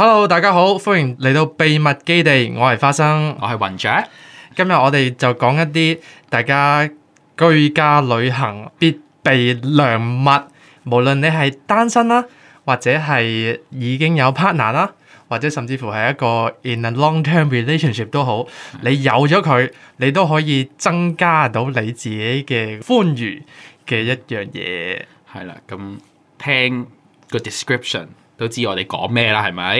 Hello，大家好，歡迎嚟到秘密 GAY 地。我係花生，我係雲雀。今日我哋就講一啲大家居家旅行必備良物。無論你係單身啦，或者係已經有 partner 啦，或者甚至乎係一個 in a long term relationship 都好，嗯、你有咗佢，你都可以增加到你自己嘅歡愉嘅一樣嘢。係啦，咁聽個 description。都知我哋講咩啦，係咪？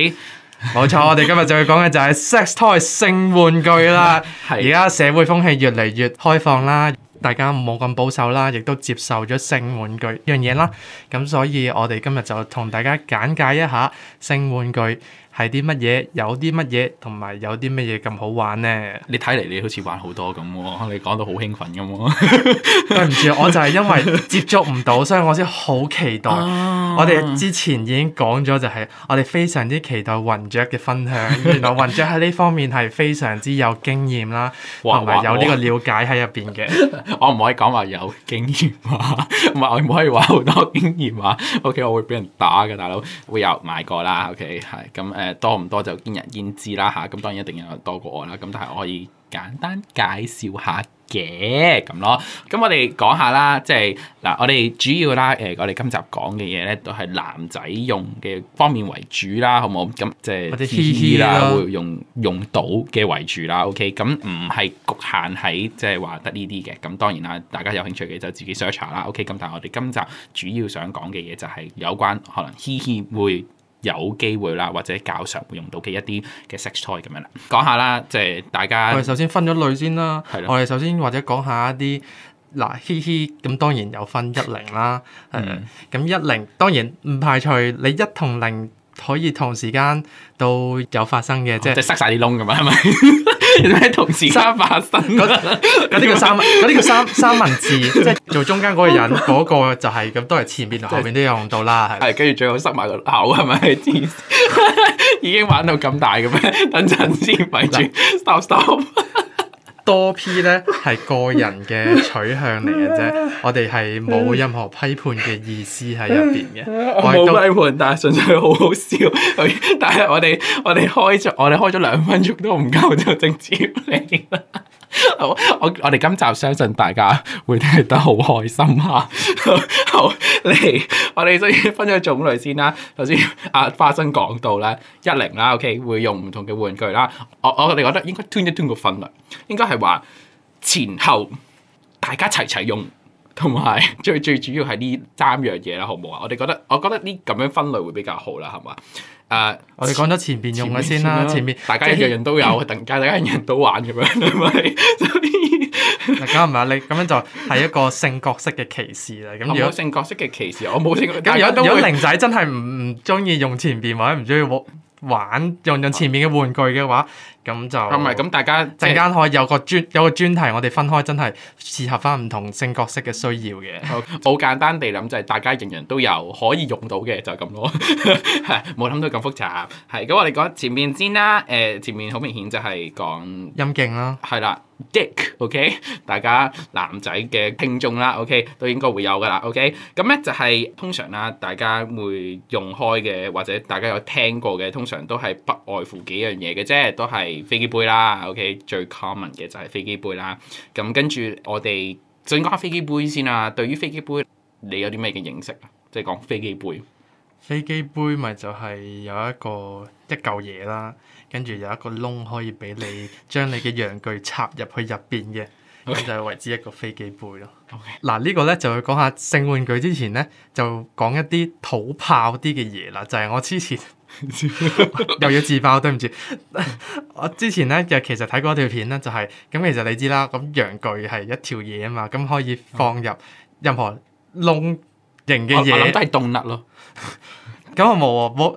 冇錯， 我哋今日就要講嘅就係 sex toy 性玩具啦。而家 社會風氣越嚟越開放啦，大家冇咁保守啦，亦都接受咗性玩具呢樣嘢啦。咁所以我哋今日就同大家簡介一下性玩具。係啲乜嘢？有啲乜嘢？同埋有啲乜嘢咁好玩咧、哦？你睇嚟你好似玩好多咁喎，你講到好興奮咁喎、哦。 對唔住，我就係因為接觸唔到，所以我先好期待。啊、我哋之前已經講咗，就係我哋非常之期待雲雀嘅分享。 原來雲雀喺呢方面係非常之有經驗啦，同埋有呢個了解喺入邊嘅。我唔可以講話有經驗嘛？唔 係我唔可以話好多經驗嘛？OK，我會俾人打嘅大佬，會有買過啦。OK，係咁誒。嗯多唔多就見仁見智啦吓，咁、啊、當然一定有多過我啦，咁但係我可以簡單介紹下嘅咁咯。咁我哋講下啦，即係嗱，我哋主要啦，誒、呃，我哋今集講嘅嘢咧都係男仔用嘅方面為主啦，好唔好？咁即係或者嘻嘻啦，嘻嘻啦會用用到嘅為主啦，OK？咁唔係局限喺即係話得呢啲嘅，咁當然啦，大家有興趣嘅就自己 search 下啦，OK？咁但係我哋今集主要想講嘅嘢就係有關可能嘻嘻會。有機會啦，或者較常會用到嘅一啲嘅 sex toy 咁樣啦，講下啦，即係大家。我哋首先分咗類先啦，係啦，我哋首先或者講下一啲嗱，嘻嘻，咁當然有分一零啦，係咪？嗯，咁一零當然唔排除你一同零可以同時間都有發生嘅，即係即係，哦，塞晒啲窿咁樣？係咪？咩同事？三文新嗰啲叫三，嗰啲叫三三文治，即係做中間嗰個人，嗰、嗰個就係、是、咁，都係前邊同後邊都有用到啦，係，跟住最好塞埋個口，係咪？經 已經玩到咁大嘅咩？等陣先，閉住 ，stop stop。 多 P 咧係個人嘅取向嚟嘅啫， 我哋係冇任何批判嘅意思喺入邊嘅。 我冇批判， 但係純粹好好笑。 但係我哋我哋開咗我哋開咗兩分鐘都唔夠就直接嚟啦。好，我我哋今集相信大家會聽得好開心啊。好，嚟，我哋先分咗種類先啦。頭先，啊，阿花生講到啦，一零啦，OK，會用唔同嘅玩具啦。我我哋覺得應該吞一吞個分類，應該係話前後大家齊齊用，同埋最最主要係呢三樣嘢啦，好唔好啊？我哋覺得，我覺得呢咁樣分類會比較好啦，係嘛？誒，我哋講咗前邊用嘅先啦，前邊大家人人都有，突然間大家大家都玩咁樣，係咪？嗱，咁唔係，你咁樣就係一個性角色嘅歧視啦。咁樣性角色嘅歧視，我冇聽過。如果如果零仔真係唔唔中意用前邊或者唔中意玩用用前面嘅玩具嘅話。咁就係咪咁？大家陣間、就是、可以有個專有個專題，我哋分開真係適合翻唔同性角色嘅需要嘅。好 Okay, 簡單地諗就係、是、大家人人都有可以用到嘅，就係咁咯。冇 諗到咁複雜。係咁，我哋講前面先啦。誒、呃，前面好明顯就係講陰莖、啊、啦。係啦。Dick，OK，okay? 大家男仔嘅聽眾啦，OK，都應該會有㗎喇，OK，咁咧就係、是、通常啦，大家會用開嘅，或者大家有聽過嘅，通常都係不外乎幾樣嘢嘅啫，都係飛機杯啦，OK，最 common 嘅就係飛機杯啦，咁跟住我哋先講下飛機杯先啦、啊。對於飛機杯，你有啲咩嘅認識啊？即係講飛機杯。飛機杯咪就係有一個一嚿嘢啦，跟住有一個窿可以俾你將你嘅陽具插入去入邊嘅，咁 就係為之一個飛機杯咯。嗱 Okay.，呢個咧就去講下性玩具之前咧，就講一啲土炮啲嘅嘢啦，就係、是、我之前 又要自爆，對唔住， 我之前咧就其實睇過一條片咧、就是，就係咁，其實你知啦，咁陽具係一條嘢啊嘛，咁可以放入任何窿型嘅嘢，我諗都係 動力咯。咁我冇，冇，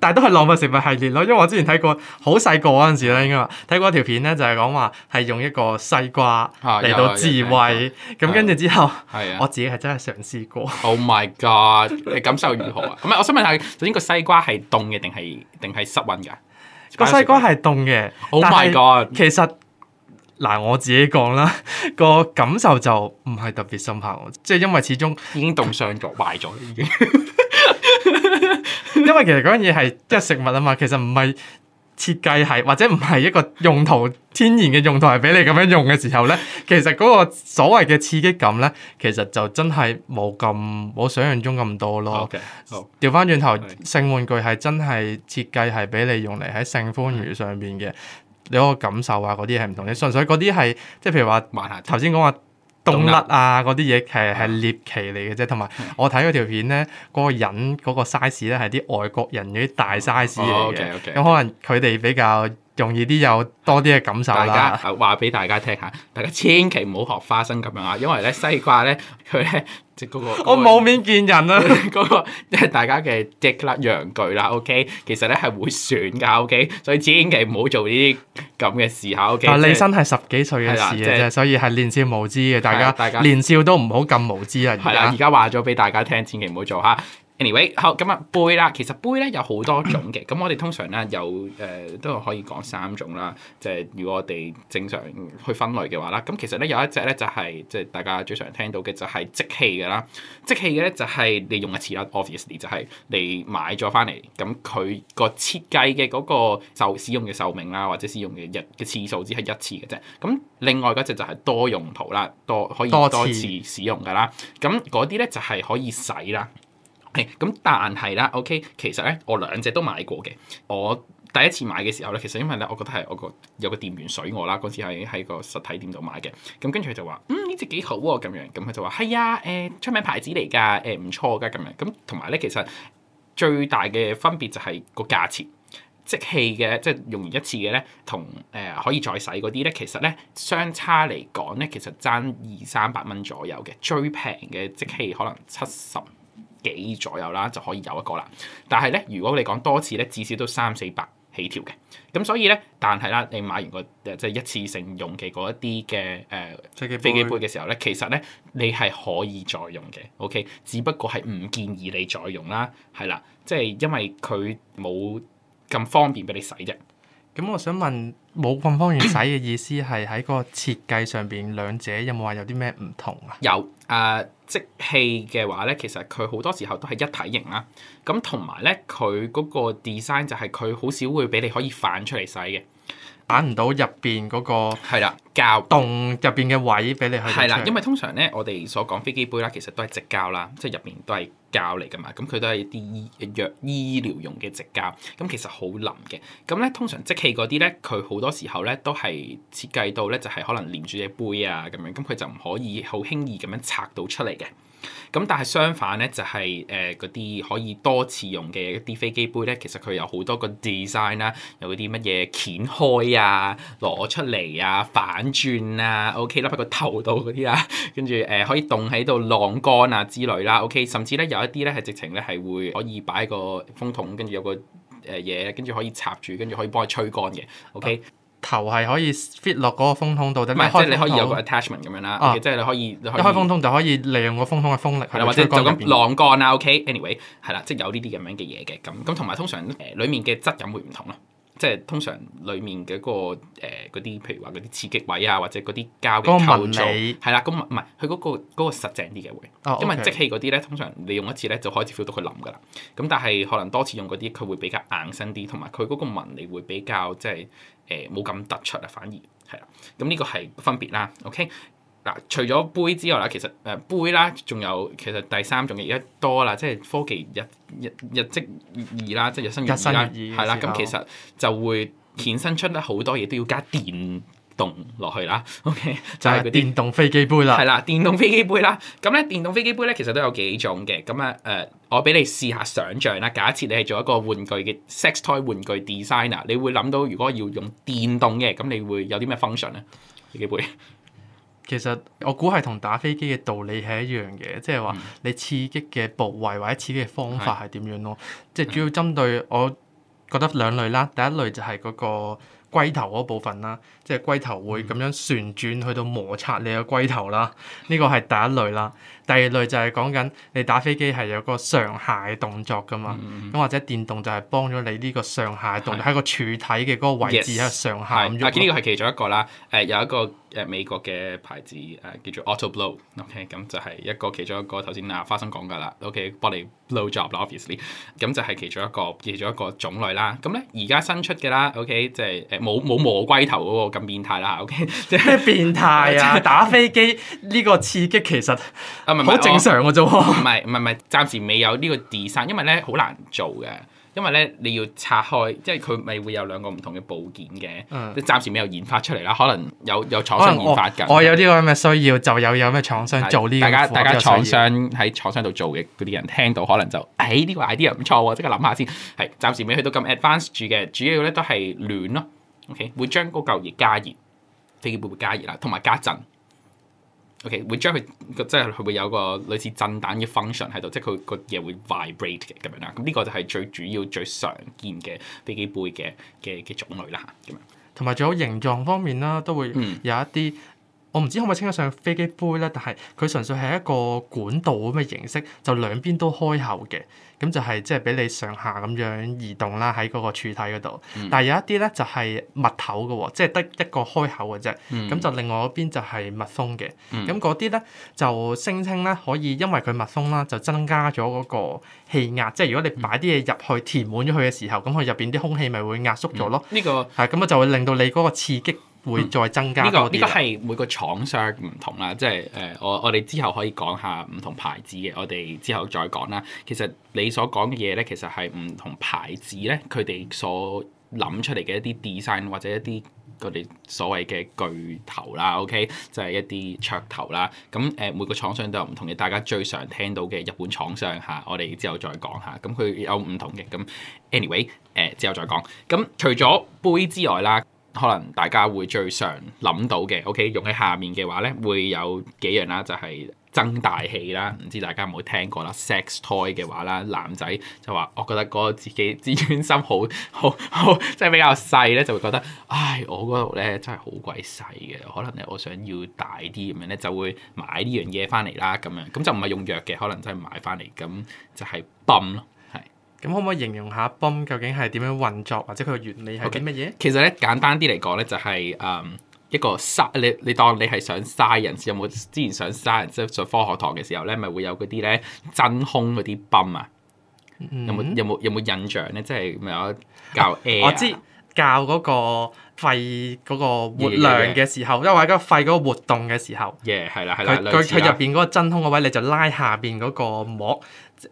但係都係浪費食物系列咯。因為我之前睇過好細個嗰陣時咧，應該話睇過一條片咧，就係講話係用一個西瓜嚟到自慰。咁跟住之後，啊、我自己係真係嘗試過。Oh my god！ 你感受如何啊？咁 我想問下，究竟個西瓜係凍嘅定係定係室溫噶？個西瓜係凍嘅。Oh my god！其實嗱，我自己講啦，那個感受就唔係特別深刻，即、就、係、是、因為始終已經凍傷咗、壞咗已經。 因為其實嗰樣嘢係即係食物啊嘛，其實唔係設計係或者唔係一個用途，天然嘅用途係俾你咁樣用嘅時候咧，其實嗰個所謂嘅刺激感咧，其實就真係冇咁冇想象中咁多咯。OK，好，調翻轉頭，OK。性玩具係真係設計係俾你用嚟喺性歡愉上邊嘅，嗯、你嗰個感受啊嗰啲係唔同。你純粹嗰啲係即係譬如話，頭先講話。動物啊，嗰啲嘢其實係獵奇嚟嘅啫，同埋我睇嗰條片咧，嗰、嗰個人嗰個 size 咧係啲外國人嗰啲大 size 嘅咁、哦 okay, okay, okay. 嗯、可能佢哋比較。容易啲有多啲嘅感受啦，話俾大家聽下，大家千祈唔好學花生咁樣啊！因為咧西瓜咧，佢咧即嗰個，我冇面見人啊！嗰、嗰個即係大家嘅 dick 啦陽具啦，OK，其實咧係會損噶，OK，所以千祈唔好做呢啲咁嘅事嚇，OK。嗱，你真係十幾歲嘅事嘅啫，就是、所以係年少無知嘅，大家大家年少都唔好咁無知啊！而家而家話咗俾大家聽，千祈唔好做下。Anyway，好咁啊，杯啦。其實杯咧有好多種嘅。咁 我哋通常咧有誒、呃，都係可以講三種啦。即、就、係、是、如果我哋正常去分類嘅話啦，咁其實咧有一隻咧就係即係大家最常聽到嘅就係即棄嘅啦。即棄嘅咧就係你用一次啦，obviously 就係你買咗翻嚟咁佢個設計嘅嗰個使用嘅壽命啦，或者使用嘅日嘅次數只係一次嘅啫。咁另外嗰隻就係多用途啦，多可以多多次使用噶啦。咁嗰啲咧就係、是、可以洗啦。咁但係啦，OK，其實咧，我兩隻都買過嘅。我第一次買嘅時候咧，其實因為咧，我覺得係我個有個店員水我啦。嗰時係喺個實體店度買嘅，咁跟住佢就話：嗯，呢隻幾好喎，咁樣，咁佢就話係啊，誒、啊呃、出名牌子嚟㗎，誒唔錯㗎，咁樣，咁同埋咧，其實最大嘅分別就係個價錢，即棄嘅即用完一次嘅咧，同誒、呃、可以再使嗰啲咧，其實咧相差嚟講咧，其實爭二三百蚊左右嘅，最平嘅即棄可能七十。幾左右啦，就可以有一個啦。但係咧，如果你講多次咧，至少都三四百起跳嘅。咁所以咧，但係啦，你買完個即係、就是、一次性用嘅嗰一啲嘅誒飛機杯嘅時候咧，其實咧你係可以再用嘅。OK，只不過係唔建議你再用啦。係啦，即、就、係、是、因為佢冇咁方便俾你洗啫。咁我想問，冇咁方便洗嘅意思係喺個設計上邊， 兩者有冇話有啲咩唔同啊？有，即棄嘅話咧，其實佢好多時候都係一體型啦、啊。咁同埋咧，佢嗰個 design 就係佢好少會俾你可以反出嚟洗嘅，反唔到入邊嗰個。係啦。膠洞入邊嘅位俾你去，係啦，因為通常咧，我哋所講飛機杯啦，其實都係直膠啦，即係入邊都係膠嚟㗎嘛，咁佢都係一啲藥醫療用嘅直膠，咁、嗯、其實好腍嘅。咁、嗯、咧，通常即棄嗰啲咧，佢好多時候咧都係設計到咧，就係可能連住隻杯啊咁樣，咁、嗯、佢就唔可以好輕易咁樣拆到出嚟嘅。咁、嗯、但係相反咧，就係誒嗰啲可以多次用嘅一啲飛機杯咧，其實佢有好多個 design 啦、啊，有嗰啲乜嘢掀開啊、攞出嚟啊、反。轉啊，OK，甩喺個頭度嗰啲啦，跟住誒可以凍喺度晾乾啊之類啦，OK，甚至咧有一啲咧係直情咧係會可以擺個風筒，跟住有個誒嘢，跟住可以插住，跟住可以幫佢吹乾嘅，OK，頭係可以 fit 落嗰個風筒度，即係你可以有個 attachment 咁樣啦，即係你可以一開風筒就可以利用個風筒嘅風力，或者就咁晾乾啊，OK，anyway 係啦，即係有呢啲咁樣嘅嘢嘅，咁咁同埋通常誒裏面嘅質感會唔同咯。即係通常裡面嘅嗰個誒嗰啲，譬如話嗰啲刺激位啊，或者嗰啲膠嘅構造係啦，咁唔係佢嗰個嗰個嗰個嗰個嗰個實淨啲嘅位，oh, okay. 因為即氣嗰啲咧，通常你用一次咧就開始 feel 到佢腍㗎啦。咁但係可能多次用嗰啲，佢會比較硬身啲，同埋佢嗰個紋理會比較即係誒冇咁突出啊，反而係啦。咁呢個係分別啦，OK。嗱，除咗杯之外啦，其實誒杯啦，仲有其實第三種嘢而家多啦，即係科技日日日月，月月日，日月異啦加，即係日新月異啦，係啦的，咁其實就會衍生出咧好多嘢都要加電動落去啦。OK，就係、啊、的電動飛機杯啦。係啦，電動飛機杯啦。咁咧電動飛機杯咧其實都有幾種嘅。咁啊誒，我俾你試下想像啦。假設你係做一個玩具嘅 sex toy 玩具 designer，你會諗到如果要用電動嘅，咁你會有啲咩 function 咧？飛機杯？其實我估係同打飛機嘅道理係一樣嘅，即係話你刺激嘅部位或者刺激嘅方法係點樣咯，即係主要針對我覺得兩類啦。第一類就係嗰個龜頭嗰部分啦。即係龜頭會咁樣旋轉去到摩擦你個龜頭啦，呢、這個係第一類啦。第二類就係講緊你打飛機係有個上下嘅動作噶嘛，咁、嗯、或者電動就係幫咗你呢個上下動喺、嗯、個柱體嘅嗰個位置喺有上下咁。啊，呢個係其中一個啦。誒有一個誒美國嘅牌子誒叫做 Auto Blow，OK，、okay，咁就係一個其中一個頭先啊花生講噶啦。OK，幫你 blow job，obviously，咁就係其中一個其中一個種類啦。咁咧而家新出嘅啦，OK，即係誒冇冇磨龜頭嗰個。咁變態啦 OK 即係咩變態啊？ 打飛機呢、呢個刺激其實啊唔係好正常嘅啫喎，唔係唔係唔係，暫時未有呢個 design，因為咧好難做嘅，因為咧你要拆開，即係佢咪會有兩個唔同嘅部件嘅，即、嗯、暫時未有研發出嚟啦，可能有有廠商研發緊、嗯。我有呢個咩需要，就有有咩廠商做呢？大家大家廠商喺廠商度做嘅嗰啲人聽到，可能就誒呢、哎呢個 idea 唔錯喎，即刻諗下先。係暫時未去到咁 advanced 住嘅，主要咧都係暖咯。OK，會將嗰嚿嘢加熱，飛機杯會加熱啦，同埋加震。OK，會將佢即係佢會有個類似震彈嘅 function 喺度，即係佢個嘢會 vibrate 嘅咁樣啦。咁呢、這個就係最主要最常見嘅飛機杯嘅嘅嘅種類啦嚇。咁樣，同埋仲有形狀方面啦，都會有一啲、嗯、我唔知可唔可以稱得上飛機杯咧，但係佢純粹係一個管道咁嘅形式，就兩邊都開口嘅。咁就係即係俾你上下咁樣移動啦，喺嗰個柱體嗰度。嗯、但係有一啲咧就係密頭嘅喎，即係得一個開口嘅啫。咁、嗯、就另外嗰邊就係密封嘅。咁嗰啲咧就聲稱咧可以，因為佢密封啦，就增加咗嗰個氣壓。即、就、係、是、如果你擺啲嘢入去填滿咗佢嘅時候，咁佢入邊啲空氣咪會壓縮咗咯。呢、嗯呢個咁就會令到你嗰個刺激，會再增加呢、嗯，這個呢、這個係每個廠商唔同啦，即係誒、呃、我我哋之後可以講下唔同牌子嘅，我哋之後再講啦。其實你所講嘅嘢咧，其實係唔同牌子咧，佢哋所諗出嚟嘅一啲 design 或者一啲佢哋所謂嘅噱頭啦，OK 就係一啲噱頭啦。咁誒每個廠商都有唔同嘅，大家最常聽到嘅日本廠商吓，我哋之後再講下。咁佢有唔同嘅，咁 anyway 誒、呃、之後再講。咁除咗杯之外啦。可能大家會最常諗到嘅，OK，用喺下面嘅話咧，會有幾樣啦，就係增大器啦。唔知大家有冇聽過啦 ？Sex toy 嘅話啦，男仔就話，我覺得嗰個自己自尊心好好好，即係比較細咧，就會覺得，唉，我嗰度咧真係好鬼細嘅，可能咧我想要大啲咁樣咧，就會買呢樣嘢翻嚟啦咁樣。咁就唔係用藥嘅，可能真係買翻嚟，咁就係泵。咁可唔可以形容下泵究竟係點樣運作，或者佢嘅原理係啲乜嘢？Okay. 其實咧簡單啲嚟講咧就係、是、誒、嗯、一個 Sci，你你當你係上 Sci 人士，有冇之前上 Sci 即係上科學堂嘅時候咧，咪會有嗰啲咧真空嗰啲泵啊？Mm-hmm. 有冇有冇有冇印象咧？即係咪有教 Air？、啊教嗰個肺嗰個活量嘅時候，因為嗰個肺嗰個活動嘅時候，佢佢入邊嗰個真空嗰位，你就拉下邊嗰個膜，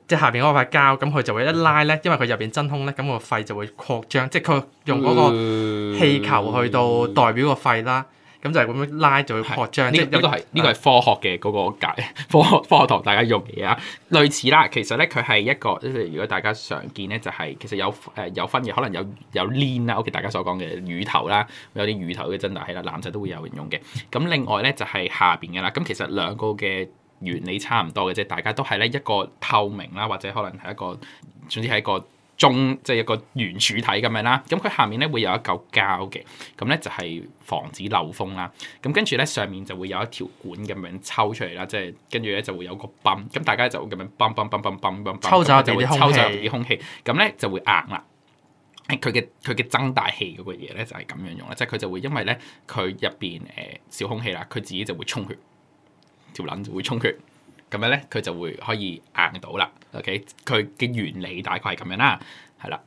即係下邊嗰塊膠，咁佢就會一拉咧，Yeah. 因為佢入邊真空咧，咁個肺就會擴張，即佢用嗰個氣球去到代表個肺啦。Mm hmm. 咁就係咁樣拉咗去擴張，呢的個係呢個係科學嘅嗰個解，科學科學堂大家用嘅嘢啊。類似啦，其實咧佢係一個，如果大家常見咧就係、是、其實有誒、呃、有分嘅，可能有有攣啦，好似大家所講嘅乳頭啦，有啲乳頭嘅增大器啦，男性都會有人用嘅。咁另外咧就係、是、下邊嘅啦，咁其實兩個嘅原理差唔多嘅啫，大家都係咧一個透明啦，或者可能係一個，總之係一個。中就係、是、一個圓柱體咁樣啦，咁、嗯、佢下面咧會有一嚿膠嘅，咁咧就係、是、防止漏風啦。咁、嗯、跟住咧上面就會有一條管咁樣抽出嚟啦，即、就、係、是、跟住咧就會有個泵，咁、嗯、大家就會咁樣泵泵泵泵泵泵，抽走就會抽走啲空氣，咁咧就會硬啦。佢嘅佢嘅增大器嗰個嘢咧就係、是、咁樣用啦，即係佢就會因為咧佢入邊誒少空氣啦，佢自己就會充血，條撚就會充血，咁樣咧佢就會可以硬到啦。O.K. 佢嘅原理大概係咁樣啦，係啦。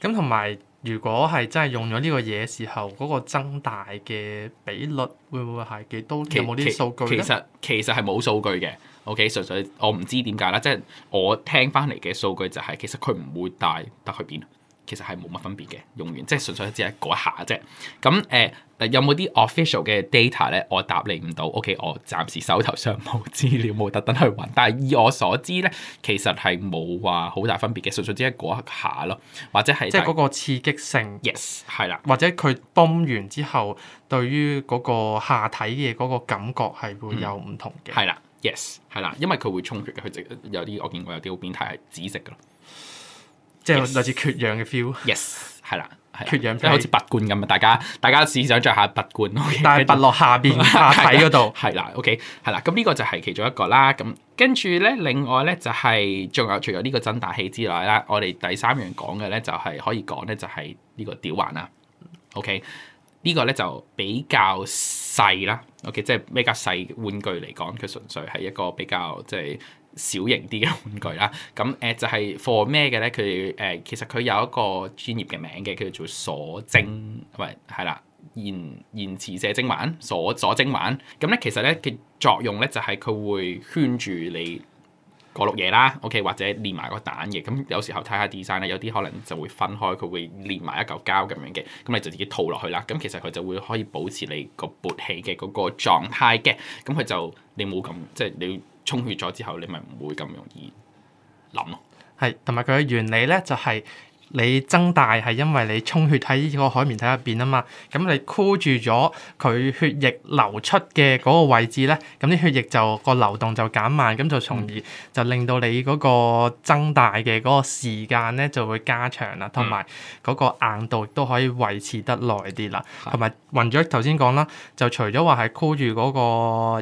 咁同埋，如果係真係用咗呢個嘢時候，嗰個增大嘅比率會唔會係幾多？有冇啲數據咧？其實其實係冇數據嘅。O.K. 純粹我唔知點解啦，即係我聽翻嚟嘅數據就係其實佢唔會大得去邊。其實係冇乜分別嘅，用完即係純粹只係嗰一下啫。咁誒，呃、有冇啲 official 嘅 data 咧？我答你唔到。OK，我暫時手頭上冇資料，冇特登去揾。但係以我所知咧，其實係冇話好大分別嘅，純粹只係嗰一下咯，或者係即係嗰個刺激性，yes，係啦。或者佢泵完之後，對於嗰個下體嘅嗰個感覺係會有唔同嘅，係、嗯、啦，yes，係啦，因為佢會充血嘅，佢直有啲我見過有啲好變態係紫色㗎。即係類似缺氧嘅 feel、yes。Yes，係啦，係。缺氧係即係好似拔罐咁啊！大家大家試想著下拔罐。Okay, 但係拔落下邊下底嗰度。係啦 ，OK，係啦。咁呢個就係其中一個啦。咁跟住咧，另外咧就係、是、仲有除咗呢個增大器之外啦，我哋第三樣講嘅咧就係、是、可以講咧就係、是、呢個吊環啦。OK，個呢個咧就比較細啦。OK，即係比較細玩具嚟講？佢純粹係一個比較即係。小型啲嘅玩具啦，咁誒、呃、就係、是、for 咩嘅咧？佢誒、呃、其實佢有一個專業嘅名嘅，叫做鎖精，喂，係啦，延延遲射精環，鎖鎖精環。咁咧其實咧嘅作用咧就係佢會圈住你嗰碌嘢啦，OK，或者連埋個蛋嘅。咁有時候睇下 design 咧，有啲可能就會分開，佢會連埋一嚿膠咁樣嘅。咁你就自己套落去啦。咁其實佢就會可以保持你個勃起嘅嗰個狀態嘅。咁佢就你冇咁即係你。充血咗之後，你咪唔會咁容易諗咯。係，同埋佢嘅原理咧，就係、是。你增大係因為你充血喺個海綿體入邊啊嘛，咁你箍住咗佢血液流出嘅嗰個位置咧，咁啲血液就、個流動就減慢，咁就從而就令到你嗰個增大嘅嗰個時間咧就會加長啦，同埋嗰個硬度都可以維持得耐啲啦，同埋雲爵頭先講啦，就除咗話係箍住嗰個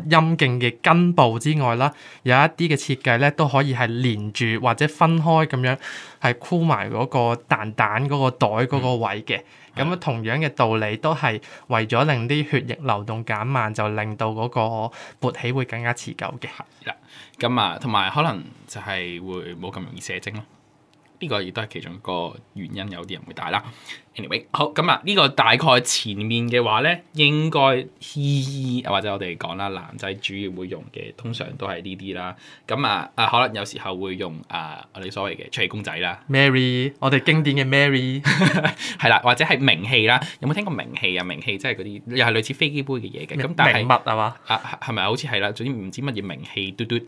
陰莖嘅根部之外啦，有一啲嘅設計咧都可以係連住或者分開咁樣。係箍埋嗰個蛋蛋嗰個袋嗰個位嘅，咁啊、嗯、同樣嘅道理都係為咗令啲血液流動減慢，就令到嗰個勃起會更加持久嘅。係啦，咁啊同埋可能就係會冇咁容易射精咯。呢個亦都係其中一個原因，有啲人會戴啦 Any way。anyway，好，咁啊，呢個大概前面嘅話咧，應該，或者我哋講啦，男仔主要會用嘅，通常都係呢啲啦。咁啊啊，可能有時候會用啊我哋所謂嘅充氣公仔啦。Mary，我哋經典嘅 Mary，係啦， 或者係名器啦。有冇聽過名器啊？名器即係嗰啲又係類似飛機杯嘅嘢嘅。咁明但係明白嘛？啊係咪好似係啦。總之唔知乜嘢名器嘟嘟。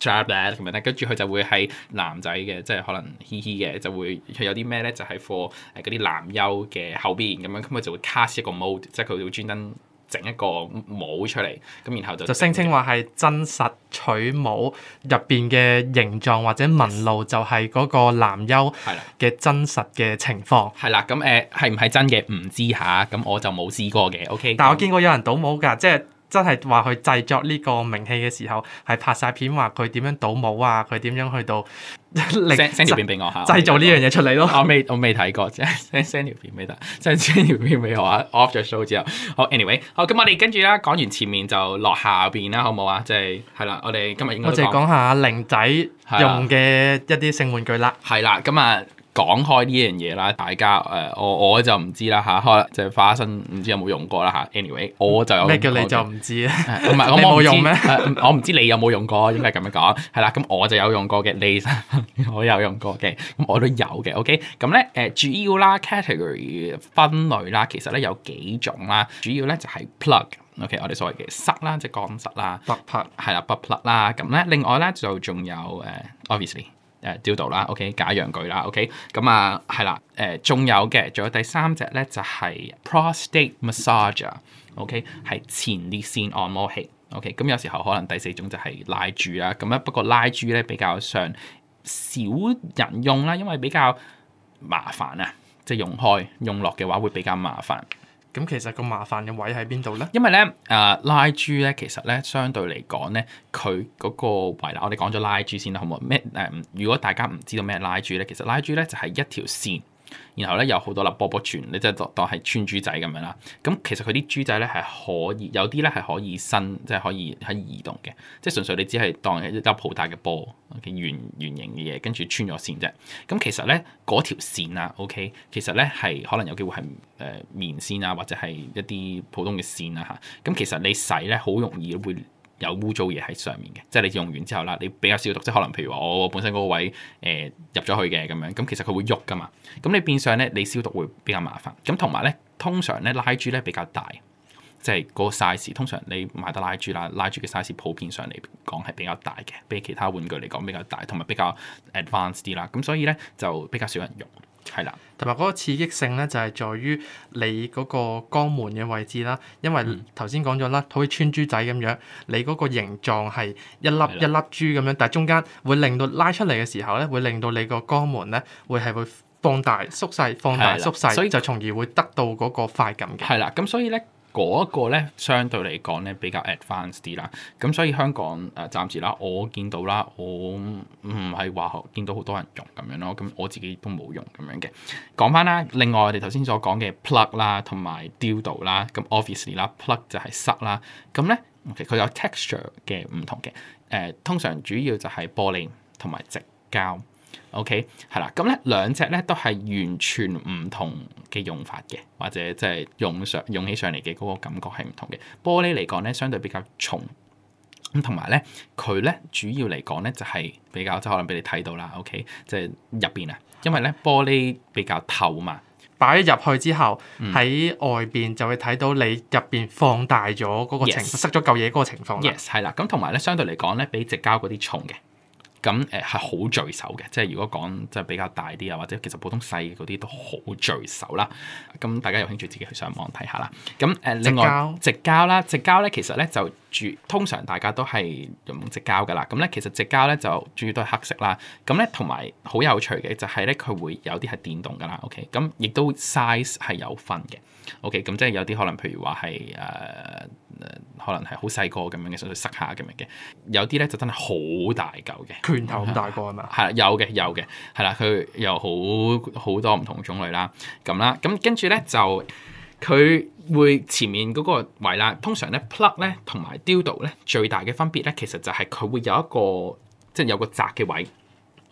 job 咧，咁樣咧，跟住佢就會係男仔嘅，即係可能嘻嘻嘅，就會佢有啲咩咧就喺課誒嗰啲男優嘅後邊咁樣，咁佢就會 cast 一個 mode，即係佢會專登整一個模出嚟，咁然後就就聲稱話係真實取模入邊嘅形狀或者紋路就係嗰個男優嘅真實嘅情況。係啦，咁誒係唔係真嘅唔知下，啊，咁我就冇試過嘅。O、OK? K，但係我見過有人倒模㗎，即係。真係話佢製作呢個名氣嘅時候，係拍晒片話佢點樣倒模啊，佢點樣去到 引 s send 條片俾我吓，製造呢樣嘢出嚟咯我我。我未我未睇過，send send 條片未得即 e n send 條片未好啊。Off 咗 show 之後，好 anyway，好咁我哋跟住啦，講完前面就落下邊啦，好唔好啊？即係係啦，我哋今日應該我哋講下零仔用嘅一啲性玩具、啊、啦。係啦，咁啊。講開呢樣嘢啦，大家誒，我我就唔知啦嚇，開即係花生，唔知有冇用過啦嚇、啊。Anyway，我就有咩叫你就唔知咧？唔係我冇用咩、啊？我唔知、， 啊、我唔知你有冇用過，應該係咁樣講。係啦，咁我就有用過嘅，你 我有用過嘅，咁我都有嘅。OK，咁咧誒，主要啦，category 分類啦，其實咧有幾種啦，主要咧就係、是、plug。OK，我哋所謂嘅塞啦，即係肛塞啦，pl ug butt plug 係啦，butt plug 啦。咁咧，另外咧就仲有誒、呃、，obviously。誒釣到啦，OK，假陽具啦，OK，咁啊係啦，誒、okay? 仲、嗯啊呃、有嘅，仲有第三隻咧就係、是、prostate massager，OK，okay? 係前列腺按摩器，OK，咁、嗯、有時候可能第四種就係拉住啦，咁咧不過拉住咧比較上少人用啦，因為比較麻煩啊，即係用開用落嘅話會比較麻煩。咁其實個麻煩嘅位喺邊度咧？因為咧，誒、呃、拉豬咧，其實咧，相對嚟講咧，佢嗰個位啦，我哋講咗拉豬先啦，好冇？咩誒？如果大家唔知道咩拉豬咧，其實拉豬咧就係、是、一條線。然後咧，有好多粒波波轉，你即係當當係穿珠仔咁樣啦。咁其實佢啲珠仔咧係可以，有啲咧係可以伸，即係可以喺移動嘅。即係純粹你只係當係一粒好大嘅波嘅圓圓形嘅嘢，跟住穿咗線啫。咁其實咧嗰條線啊，OK，其實咧係可能有機會係誒棉線啊，或者係一啲普通嘅線啊嚇。咁其實你洗咧好容易會，有污糟嘢喺上面嘅，即係你用完之後啦，你比較少消毒，即係可能譬如話我、哦、本身嗰位誒入咗去嘅咁樣，咁其實佢會喐噶嘛，咁你變相咧你消毒會比較麻煩，咁同埋咧通常咧拉珠咧比較大，即係個 size，通常你買得拉珠啦，拉珠嘅 size 普遍上嚟講係比較大嘅，比起其他玩具嚟講比較大，同埋比較 advanced 啲啦，咁所以咧就比較少人用。係啦，同埋嗰個刺激性咧，就係在於你嗰個肛門嘅位置啦。因為頭先講咗啦，好似穿珠仔咁樣，你嗰個形狀係一粒一粒珠咁樣，但係中間會令到拉出嚟嘅時候咧，會令到你個肛門咧，會係會放大縮細、放大縮細，就從而會得到嗰個快感嘅。係啦，咁所以咧。嗰一個咧，相對嚟講咧，比較 advanced 啲啦，咁所以香港誒、呃、暫時啦，我見到啦，我唔係話見到好多人用咁樣咯，咁我自己都冇用咁樣嘅。講翻啦，另外我哋頭先所講嘅 plug 啦，同埋 dildo 啦，咁 obviously 啦，plug 就係塞啦，咁咧 OK 佢有 texture 嘅唔同嘅，誒、呃、通常主要就係玻璃同埋直膠，OK 係啦，咁咧兩隻咧都係完全唔同。嘅用法嘅，或者即係用上用起上嚟嘅嗰個感覺係唔同嘅。玻璃嚟講咧，相對比較重咁，同埋咧佢咧主要嚟講咧就係比較即可能俾你睇到啦。OK，即係入邊啊，因為咧玻璃比較透嘛，擺咗入去之後喺、嗯、外邊就會睇到你入邊放大咗嗰個情，yes, 塞咗嚿嘢嗰個情況啦。Yes，係啦。咁同埋咧相對嚟講咧比直膠嗰啲重嘅。咁誒係好就手嘅，即係如果講即係比較大啲啊，或者其實普通細嗰啲都好就手啦。咁大家有興趣自己去上網睇下啦。咁誒，另外直交，直交啦，直交咧其實咧就。住通常大家都係用直膠噶啦，咁咧其實直膠咧就主要都係黑色啦，咁咧同埋好有趣嘅就係咧佢會有啲係電動噶啦，OK，咁亦都 size 係有分嘅，OK，咁即係有啲可能譬如話係誒，可能係好細個咁樣嘅，想塞下咁樣嘅，有啲咧就真係好大嚿嘅，拳頭咁大個係嘛？係啦、嗯，有嘅有嘅，係啦，佢有好好多唔同種類啦，咁啦，咁、嗯、跟住咧就。佢會前面嗰個位啦，通常咧 plug 咧同埋 dildo 咧最大嘅分別咧，其實就係佢會有一個即係有個窄嘅位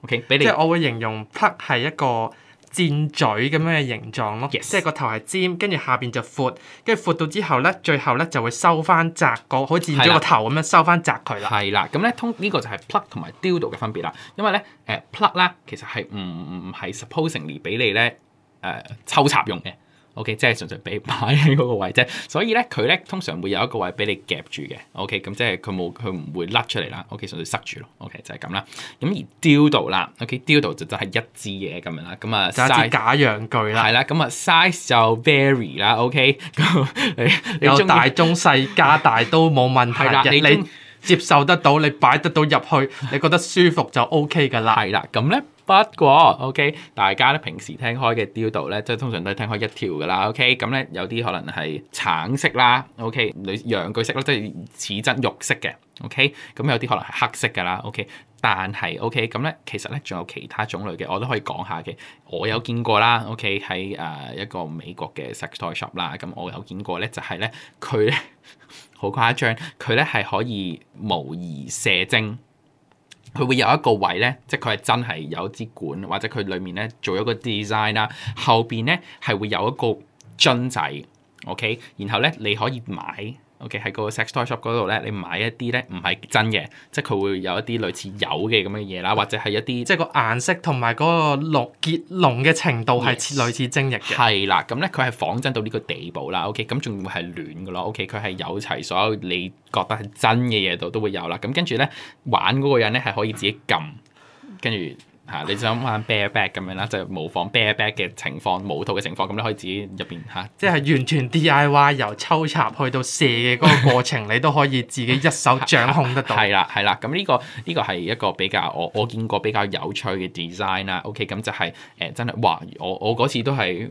，OK 俾你。即係我會形容 plug 係一個箭嘴咁樣嘅形狀咯，Yes. 即係個頭係尖，跟住下邊就闊，跟住闊到之後咧，最後咧就會收翻窄個，好似箭咗個頭咁樣收翻窄佢啦。係啦，咁咧通呢、這個就係 plug 同埋 dildo 嘅分別啦，因為咧誒、呃、plug 咧其實係唔唔、嗯、係 supposedly 俾你咧誒、呃、抽插用嘅。OK，即係純粹俾擺喺嗰個位啫，所以咧佢咧通常會有一個位俾你夾住嘅。OK，咁即係佢冇佢唔會甩出嚟啦。OK，純粹塞住咯。OK，就係咁啦。咁而 deal 度啦，OK，deal、okay，度就就係一支嘢咁樣啦。咁啊，就一假洋句啦。係啦，咁啊 size 就 vary 啦。OK， 你你大中細加大都冇問題。係啦， 你。你接受得到，你擺得到入去，你覺得舒服就 OK 噶啦。係啦，咁咧不過 OK，大家咧平時聽開嘅 Dildo 咧，即係通常都係聽開一條噶啦。OK，咁咧有啲可能係橙色啦，OK，你陽具色咯，即係似質肉色嘅。OK，咁有啲可能係黑色噶啦。OK，但係 OK，咁咧其實咧仲有其他種類嘅，我都可以講下嘅。我有見過啦。OK，喺誒、uh, 一個美國嘅 sex toy shop 啦，咁我有見過咧，就係咧佢咧。 好誇張，佢咧係可以模擬射精，佢會有一個位咧，即係佢係真係有支管，或者佢裡面咧做咗個 design 啦，後邊咧係會有一個樽仔，OK，然後咧你可以買。OK，喺個 sex toy shop 嗰度咧，你買一啲咧唔係真嘅，即係佢會有一啲類似油嘅咁嘅嘢啦，或者係一啲即係個顏色同埋嗰個濃結濃嘅程度係似類似精液嘅。係啦，咁咧佢係仿真到呢個地步啦。OK，咁仲會係暖嘅咯。OK，佢係有齊所有你覺得係真嘅嘢度都會有啦。咁跟住咧玩嗰個人咧係可以自己撳，跟住，你想玩 bareback 咁樣啦，就模仿 bareback 嘅情況，無套嘅情況，咁你可以自己入邊嚇，即係完全 DIY，由抽插去到射嘅嗰個過程， 你都可以自己一手掌控得到。係啦 係啦，咁呢個呢個係一個比較我我見過比較有趣嘅 design 啦。OK，咁就係誒真係哇，我我嗰次都係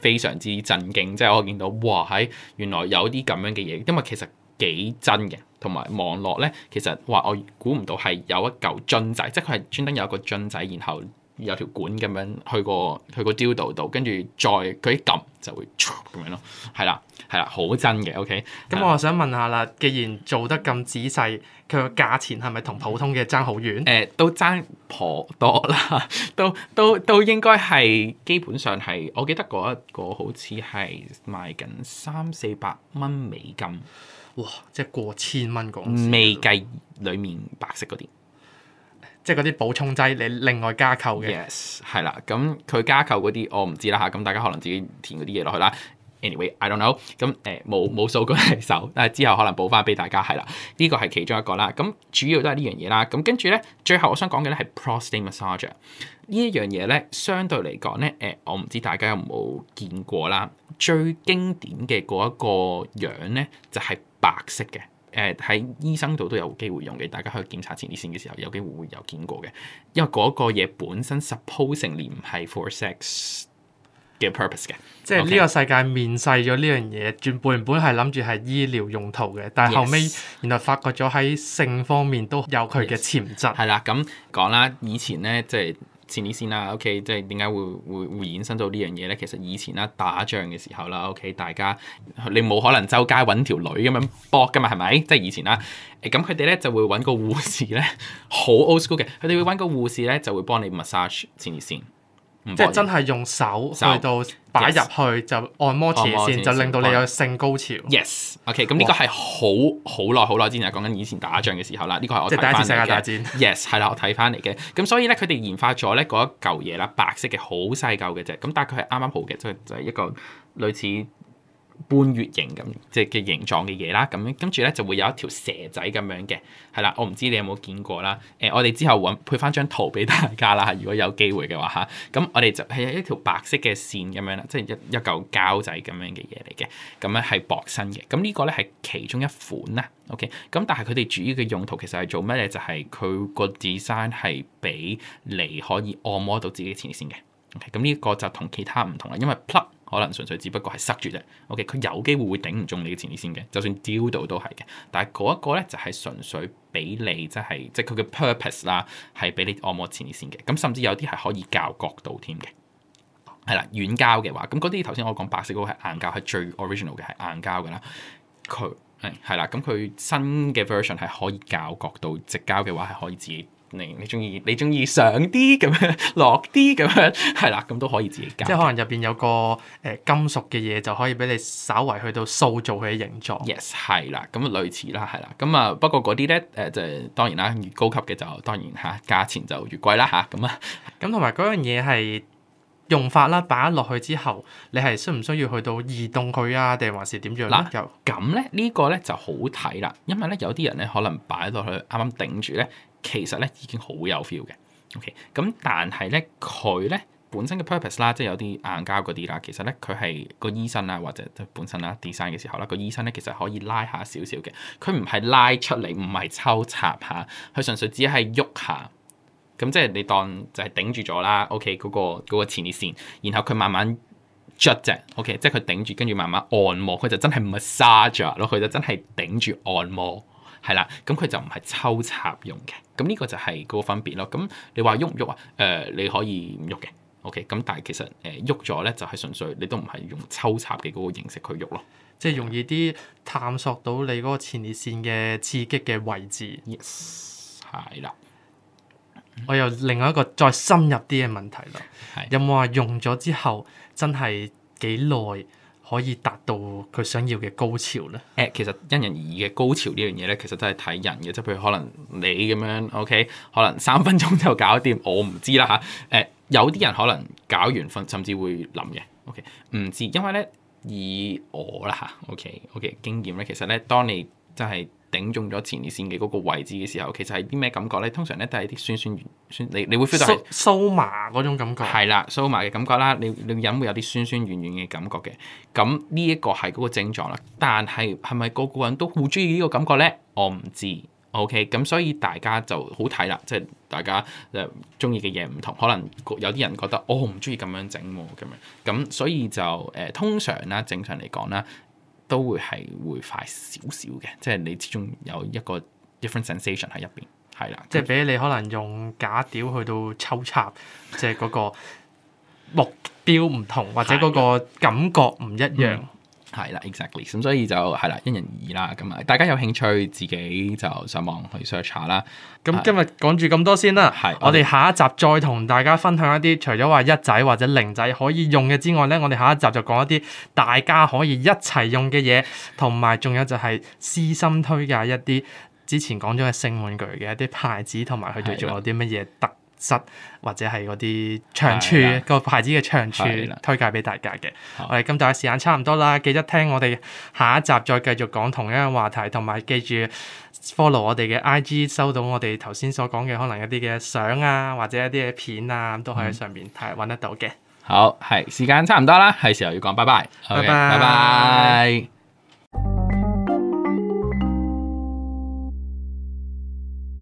非常之震驚，即係我見到哇喺原來有啲咁樣嘅嘢，因為其實。幾真嘅，同埋網絡咧，其實話我估唔到係有一嚿樽仔，即係佢係專登有一個樽仔，然後有條管咁樣去過去個雕度度，跟住再佢一撳就會咁樣咯，係啦，係啦，好真嘅。OK，咁我想問下啦，既然做得咁仔細，佢個價錢係咪同普通嘅爭好遠？誒、呃，都爭頗多啦，都都都應該係基本上係，我記得嗰一個好似係賣緊三四百蚊美金。哇！即係過千蚊港紙，未計裡面白色嗰啲，即係嗰啲補充劑，你另外加購嘅。Yes，係啦。咁佢加購嗰啲，我唔知啦嚇。咁大家可能自己填嗰啲嘢落去啦。Anyway，I don't know。咁誒冇冇數據喺手，但係之後可能補翻俾大家。係啦，呢個係其中一個啦。咁主要都係呢樣嘢啦。咁跟住咧，最後我想講嘅咧係 prostate massage 一呢一樣嘢咧，相對嚟講咧，誒，我唔知大家有冇見過啦。最經典嘅嗰一個樣咧，就係、是。白色嘅，誒、呃、喺醫生度都有機會用嘅，大家去檢查前列腺嘅時候有機會會有見過嘅，因為嗰個嘢本身 supposedly 唔係 for sex 嘅 purpose 嘅，即係呢個世界面世咗呢樣嘢，轉原本係諗住係醫療用途嘅，但係後尾原來發覺咗喺性方面都有佢嘅潛質。係啦 Yes.，咁講啦，以前咧即係。就是前列腺啦，OK，即係點解會會會衍生到呢樣嘢咧？其實以前啦、啊，打仗嘅時候啦，OK，大家你冇可能周街揾條女咁樣搏㗎嘛，係咪？即係以前啦、啊，咁佢哋咧就會揾個護士咧，好 old school 嘅，佢哋會揾個護士咧就會幫你 massage 前列腺。即係真係用手去到擺入去就 So, yes, 按摩前列腺就令到你有性高潮。Yes，OK，咁呢個係好好耐好耐之前就講緊以前打仗嘅時候啦。呢、這個係我即係第一次世界大戰。Yes，係啦，哇我睇翻嚟嘅。咁所以咧，佢哋研發咗咧嗰一嚿嘢啦，白色嘅好細嚿嘅啫。咁但係佢係啱啱好嘅，即係就係、是、一個類似。半月形咁即係嘅形狀嘅嘢啦，咁樣跟住咧就會有一條蛇仔咁樣嘅，係啦，我唔知你有冇見過啦。誒、呃，我哋之後揾配翻張圖俾大家啦。如果有機會嘅話嚇，咁、啊、我哋就係一條白色嘅線咁樣啦，即係一一嚿膠仔咁樣嘅嘢嚟嘅，咁咧係薄身嘅。咁呢個咧係其中一款啦。OK，咁但係佢哋主要嘅用途其實係做咩咧？就係佢個 design 係俾你可以按摩到自己前列腺嘅。OK，咁呢個就同其他唔同啦，因為 plug。可能純粹只不過係塞住啫，OK，佢有機會會頂唔中你嘅前列腺嘅，就算丟到都係嘅。但係嗰一個咧就係、係、純粹俾你即係即係佢嘅 purpose 啦，係俾你按摩前列腺嘅。咁、嗯、甚至有啲係可以校角度添嘅，係啦，軟膠嘅話，咁嗰啲頭先我講白色嗰個係硬膠，係最 original 嘅係硬膠嘅啦。佢係啦，咁佢、嗯、新嘅 version 係可以校角度，直膠嘅話係可以自己。你，你中意，你中意上啲咁樣，落啲咁樣，係啦，咁 都可以自己加。即係可能入邊有個誒、呃、金屬嘅嘢，就可以俾你稍微去到塑造佢嘅形狀。Yes，係啦，咁、嗯、類似啦，係啦。咁、嗯、啊，不過嗰啲咧誒，就當然啦，越高級嘅就當然吓價錢就越貴啦吓。咁啊，咁同埋嗰樣嘢係用法啦，擺落去之後，你係需唔需要去到移動佢啊，定還是點樣呢？嗱，咁咧呢、呢個咧就好睇啦，因為咧有啲人咧可能擺落去啱啱頂住咧。其實咧已經好有 feel 嘅，OK，咁但係咧佢咧本身嘅 purpose 啦，即係有啲硬膠嗰啲啦，其實咧佢係個醫生啦或者本身啦 design 嘅時候啦，個醫生咧其實可以拉下少少嘅，佢唔係拉出嚟，唔係抽插下，佢純粹只係喐下，咁、嗯、即係你當就係頂住咗啦，OK，嗰個、嗰個前列腺，然後佢慢慢捽啫，OK，即係佢頂住跟住慢慢按摩，佢就真係 massage 咯，佢就真係頂住按摩。係啦，咁佢就唔係抽插用嘅，咁呢個就係嗰個分別咯。咁你話喐唔喐啊？誒、呃，你可以唔喐嘅，OK。咁但係其實誒喐咗咧，就係純粹你都唔係用抽插嘅嗰個形式去喐咯，即係容易啲探索到你嗰個前列腺嘅刺激嘅位置。Yes，係啦，我又另外一個再深入啲嘅問題咯。係，有冇話用咗之後真係幾耐？可以達到佢想要嘅高潮咧？誒，其實因人而異嘅高潮呢樣嘢咧，其實都係睇人嘅。即係譬如可能你咁樣，OK，可能三分鐘就搞掂，我唔知啦吓。誒、呃，有啲人可能搞完分，甚至會諗嘅。OK，唔知，因為咧以我啦，OK，OK、OK, OK，經驗咧，其實咧，當你真係。頂中咗前列腺嘅嗰個位置嘅時候，其實係啲咩感覺咧？通常咧都係啲酸酸酸，你你會 feel 到係酥麻嗰種感覺。係啦，酥麻嘅感覺啦，你你飲會有啲酸酸軟軟嘅感覺嘅。咁呢一個係嗰個症狀啦。但係係咪個個人都好中意呢個感覺咧？我唔知。OK，咁所以大家就好睇啦，即、就、係、是、大家誒中意嘅嘢唔同，可能有啲人覺得哦唔中意咁樣整咁、啊、樣，咁所以就誒、呃、通常啦，正常嚟講啦。都會係會快少少嘅，即係你始終有一個 different sensation 喺入邊，係啦。即係俾你可能用假屌去到抽插，即係嗰個目標唔同，或者嗰個感覺唔一樣。係啦，exactly，咁所以就係啦，因人而異啦，咁啊，大家有興趣自己就上網去 search 下啦。咁今日講住咁多先啦，係我哋下一集再同大家分享一啲除咗話一仔或者零仔可以用嘅之外咧，我哋下一集就講一啲大家可以一齊用嘅嘢，同埋仲有就係私心推介一啲之前講咗嘅性玩具嘅一啲牌子，同埋佢哋仲有啲乜嘢特。實或者係嗰啲長處，了個牌子嘅長處推介俾大家嘅。我哋今集嘅時間差唔多啦，記得聽我哋下一集再繼續講同樣嘅話題，同埋記住 follow 我哋嘅 IG，收到我哋頭先所講嘅可能一啲嘅相啊，或者一啲嘅片啊，都可以喺上面睇揾得到嘅、嗯。好，係時間差唔多啦，係時候要講拜，拜拜，okay，拜拜。拜拜。